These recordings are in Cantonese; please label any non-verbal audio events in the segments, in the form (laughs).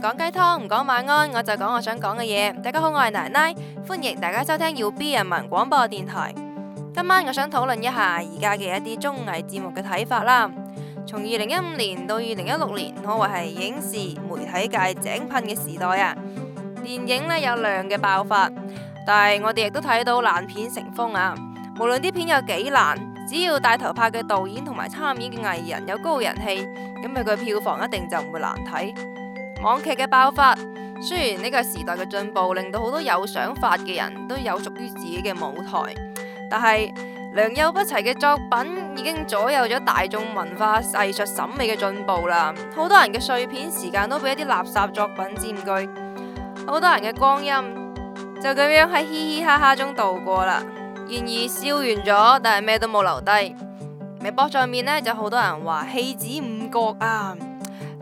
講雞湯唔講晚安，我就講我想講嘅嘢。大家好，我係奶奶，歡迎大家收聽要 B 人民廣播電台。今晚我想討論一下而家嘅一啲綜藝節目嘅睇法啦。從二零一五年到二零一六年，可謂係影視媒體界井噴嘅時代啊。電影呢有量嘅爆發，但係我哋亦都睇到爛片成風啊。無論啲片有幾爛，只要帶頭拍嘅導演同埋參演嘅藝人有高人氣，咁佢嘅票房一定就唔會難睇。網劇嘅爆發，雖然呢個時代嘅進步令到好多有想法嘅人都有屬於自己嘅舞台，但係良莠不齊嘅作品已經左右咗大眾文化藝術審美嘅進步啦。好多人嘅碎片時間都俾一啲垃圾作品佔據，好多人嘅光陰就咁樣喺嘻嘻哈哈中度過啦，然而笑完咗，但係咩都冇留低。微博上面呢，就好多人話戲子誤國啊。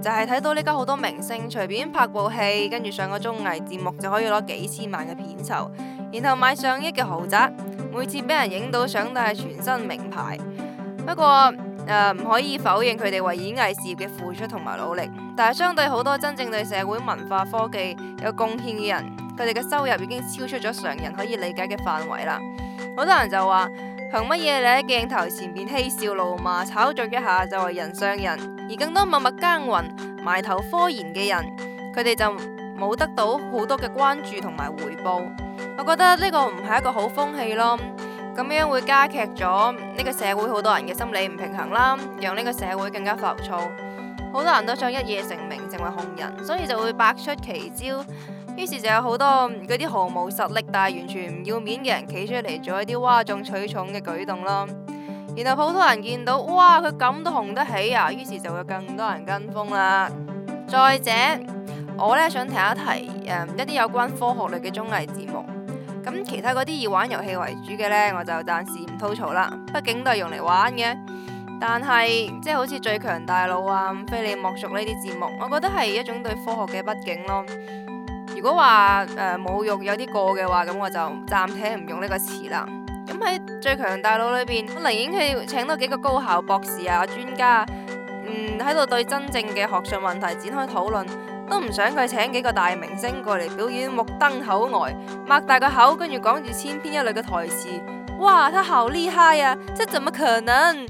就係、是、睇到呢家好多明星隨便拍部戲，跟住上個綜藝節目就可以攞幾千萬嘅片酬，然後買上億嘅豪宅，每次俾人影到相都係全新名牌。不過誒唔、呃、可以否認佢哋為演藝事業嘅付出同埋努力，但係相對好多真正對社會文化科技有貢獻嘅人，佢哋嘅收入已經超出咗常人可以理解嘅範圍啦。好多人就話：憑乜嘢你喺鏡頭前邊嬉笑怒罵，炒作一下就係人上人？而更多默默耕耘、埋頭科研嘅人，佢哋就冇得到好多嘅關注同埋回報。我覺得呢個唔係一個好風氣咯，咁樣會加劇咗呢個社會好多人嘅心理唔平衡啦，讓呢個社會更加浮躁。好多人都想一夜成名，成為紅人，所以就會百出奇招。於是就有好多嗰啲毫無實力但係完全唔要面嘅人企出嚟做一啲嘩眾取寵嘅舉動咯。然後普通人見到，哇，佢咁都紅得起啊，於是就會更多人跟風啦。再者，我咧想提一提，誒、呃，一啲有關科學類嘅綜藝節目。咁其他嗰啲以玩遊戲為主嘅呢，我就暫時唔吐槽啦，畢竟都係用嚟玩嘅。但係即係好似最強大腦啊、非你莫屬呢啲節目，我覺得係一種對科學嘅不敬咯。如果話誒、呃、侮辱有啲過嘅話，咁我就暫且唔用呢個詞啦。咁喺最強大腦裏邊，我寧願佢請多幾個高校博士啊、專家啊，嗯喺度對真正嘅學術問題展開討論，都唔想佢請幾個大明星過嚟表演目瞪口呆，擘大個口跟住講住千篇一律嘅台詞。哇，他好厲害啊，即係冇可能。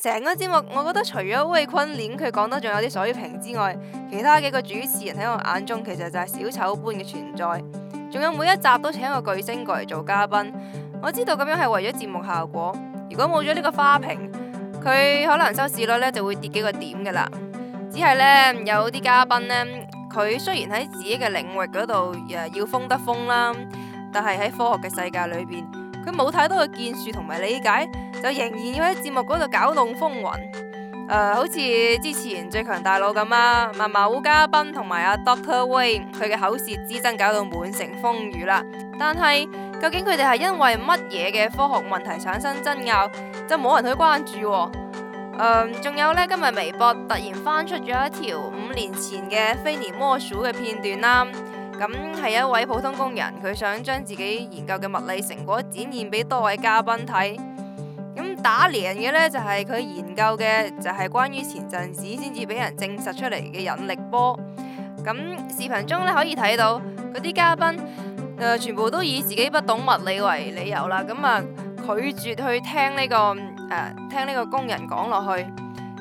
成個節目，我覺得除咗魏坤琳佢講得仲有啲水平之外，其他幾個主持人喺我眼中其實就係小丑般嘅存在。仲有每一集都請一個巨星過嚟做嘉賓。我知道咁樣係為咗節目效果，如果冇咗呢個花瓶，佢可能收視率呢就會跌幾個點噶啦。只係呢，有啲嘉賓呢，佢雖然喺自己嘅領域嗰度要風得風啦，但係喺科學嘅世界裏邊，佢冇太多嘅建樹同埋理解，就仍然要喺節目嗰度攪動風雲。誒，好似之前最強大腦咁啊，某嘉賓同埋阿 Dr. Way 佢嘅口舌之爭搞到滿城風雨啦，但係。究竟佢哋係因為乜嘢嘅科學問題產生爭拗，就冇人去關注、啊嗯。誒，仲有呢，今日微博突然翻出咗一條五年前嘅非你莫屬嘅片段啦。咁係一位普通工人，佢想將自己研究嘅物理成果展現俾多位嘉賓睇。咁打連嘅呢，就係、是、佢研究嘅就係關於前陣子先至俾人證實出嚟嘅引力波。咁視頻中呢，可以睇到嗰啲嘉賓。全部都以自己不懂物理為理由啦，咁啊拒絕去聽呢、這個誒、啊，聽呢個工人講落去。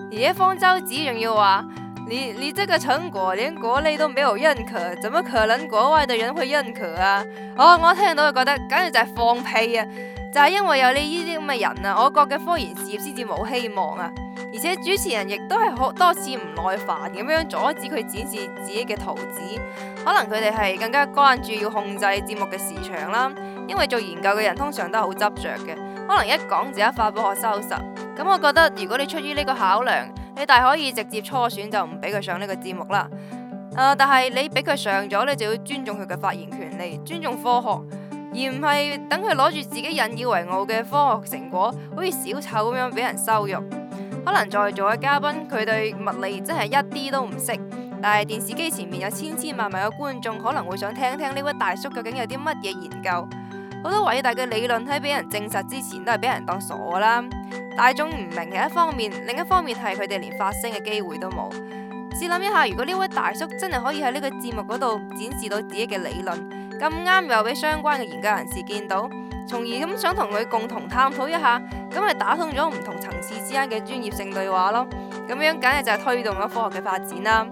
而且方舟子仲要話：，你你這個成果連國內都沒有認可，怎麼可能國外的人會認可啊？哦，我聽到覺得簡直就係放屁啊！就係、是、因為有你呢啲咁嘅人啊，我國嘅科研事業先至冇希望啊！而且主持人亦都係好多次唔耐煩咁樣阻止佢展示自己嘅圖紙，可能佢哋係更加關注要控制節目嘅時長啦。因為做研究嘅人通常都係好執着嘅，可能一講自己科學收實。咁我覺得如果你出於呢個考量，你大可以直接初選就唔俾佢上呢個節目啦。誒，但係你俾佢上咗咧，你就要尊重佢嘅發言權利，尊重科學，而唔係等佢攞住自己引以為傲嘅科學成果，好似小丑咁樣俾人羞辱。可能在座嘅嘉賓佢對物理真係一啲都唔識，但係電視機前面有千千萬萬嘅觀眾可能會想聽聽呢位大叔究竟有啲乜嘢研究。好多偉大嘅理論喺俾人證實之前都係俾人當傻㗎啦。大眾唔明係一方面，另一方面係佢哋連發聲嘅機會都冇。試諗一下，如果呢位大叔真係可以喺呢個節目嗰度展示到自己嘅理論，咁啱又俾相關嘅研究人士見到。從而咁想同佢共同探討一下，咁咪打通咗唔同層次之間嘅專業性對話咯。咁樣簡直就係推動咗科學嘅發展啦。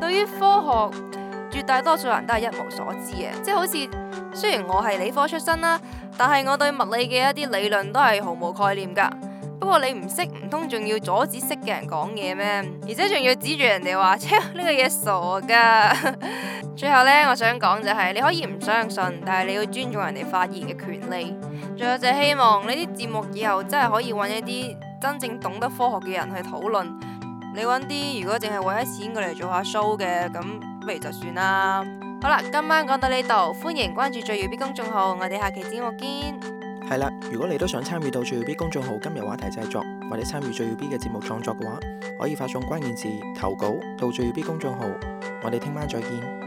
對於科學，絕大多數人都係一無所知嘅，即係好似雖然我係理科出身啦，但係我對物理嘅一啲理論都係毫無概念噶。不過你唔識，唔通仲要阻止識嘅人講嘢咩？而且仲要指住人哋話，切呢個嘢傻噶。 (laughs) 最後呢，我想講就係你可以唔相信，但係你要尊重人哋發言嘅權利。仲有就希望呢啲節目以後真係可以揾一啲真正懂得科學嘅人去討論。你揾啲如果淨係為咗錢過嚟做下 show 嘅咁，不如就算啦。好啦，今晚講到呢度，歡迎關注最要 B 公眾號，我哋下期節目見。係啦，如果你都想參與到最要 B 公眾號今日話題製作，或者參與最要 B 嘅節目創作嘅話，可以發送關鍵字投稿到最要 B 公眾號。我哋聽晚再見。